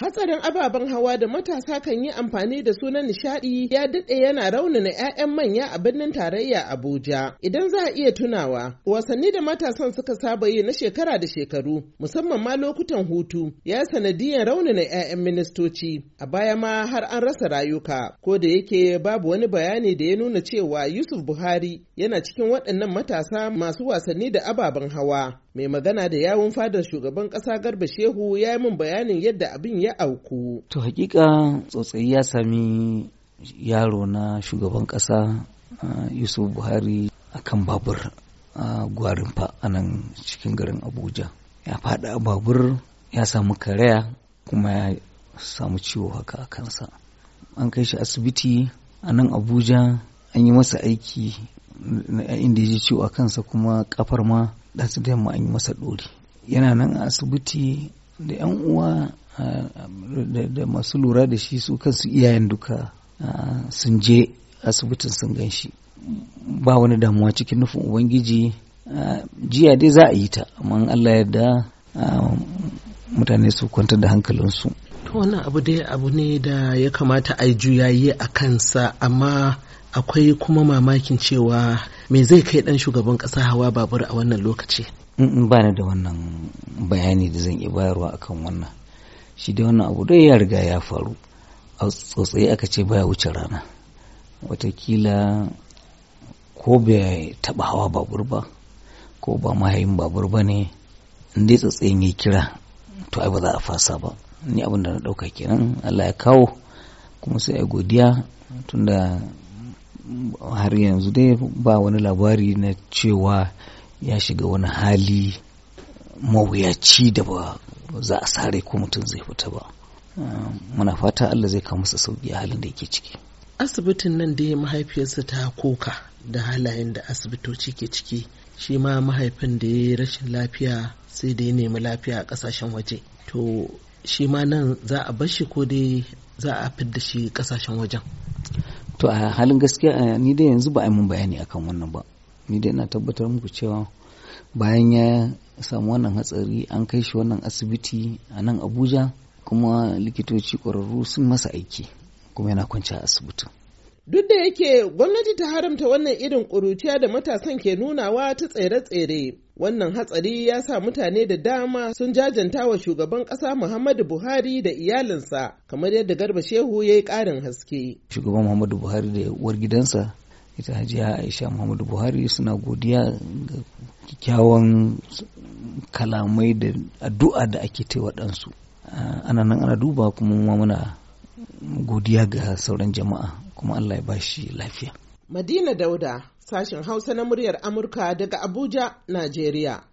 Hatsarin ababen hawa da matasa kan yi amfani da su na nishadi ya daɗe yana raunana 'ya'yan manya a birnin tarayya Abuja. Idan za a iya tunawa, wasanni da matasan suka saba yi na shekara da shekaru, musamman ma lokutan hutu, ya sanadiyan raunana 'ya'yan ministoci. A baya ma har an rasa rayuka, ko da yake babu wani bayani da ya nuna cewa Yusuf Buhari yana cikin waɗannan matasa masu wasanni da ababen hawa. mai magana da yawun fadar shugaban ƙasa garba shehu ya yi min bayanin yadda abin ya auku to hakika tsotsayi ya sami yaro na shugaban ƙasa yusuf buhari akan babur a gwarin fa a nan cikin garin abuja ya faɗa a babur ya samu karaya kuma ya samu ciwo haka a kansa an kai shi asibiti a nan abuja an yi masa aiki inda ya ji ciwo a kansa kuma kafar ma da yamma an yi masa ɗori yana nan a asibiti da 'yan uwa da masu lura da shi su kansu iyayen duka sun je asibitin sun gan shi ba wani damuwa cikin nufin ubangiji jiya dai za a yi ta amma allah yadda mutane su kwantar da hankalinsu wannan abu dai abu ne da ya kamata a yi juyayi a kansa amma akwai kuma mamakin cewa me zai kai dan shugaban kasa hawa babur a wannan lokaci in ba ni da wannan bayani da zan iya bayarwa akan wannan shi da wannan abu dai ya riga ya faru a tsotsaye aka ce baya wuce rana watakila ko bai taba hawa babur ba ko ba mahayin babur ba ne in dai tsotsayen ya kira to ai ba za a fasa ba ni abin da na dauka kenan Allah ya kawo kuma sai a godiya tunda har yanzu dai ba wani labari na cewa ya shiga wani hali mawuyaci da ba za a sare ko mutum zai fita ba muna fata allah zai kawo masa a halin da yake ciki asibitin nan da mahaifiyarsa ta koka da halayen da asibitoci ke ciki shi ma mahaifin da ya yi rashin lafiya sai da ya nemi lafiya a kasashen waje to shi ma nan za a bar shi ko dai za a fidda shi kasashen wajen to a halin gaskiya ni dai yanzu ba a yi mun bayani akan wannan ba ni dai ina tabbatar muku cewa bayan ya samu wannan hatsari an kai shi wannan asibiti a nan abuja kuma likitoci ƙwararru sun masa aiki kuma yana kwanci a asibitin Duk da yake gwamnati ta haramta wannan irin ƙuruciya da matasan ke nunawa ta tsere-tsere. Wannan hatsari ya sa mutane da dama sun jajanta wa shugaban ƙasa Muhammadu Buhari da iyalinsa, kamar yadda Garba Shehu ya yi ƙarin haske. Shugaban Muhammadu Buhari da uwar gidansa ita hajiya aisha muhammadu buhari suna godiya ga kyakkyawan kalamai da addu'a da ake ta waɗansu ana nan ana duba kuma muna godiya ga sauran jama'a kuma Allah ya bashi lafiya. Madina Dauda, sashen Hausa na muryar Amurka daga Abuja, Najeriya.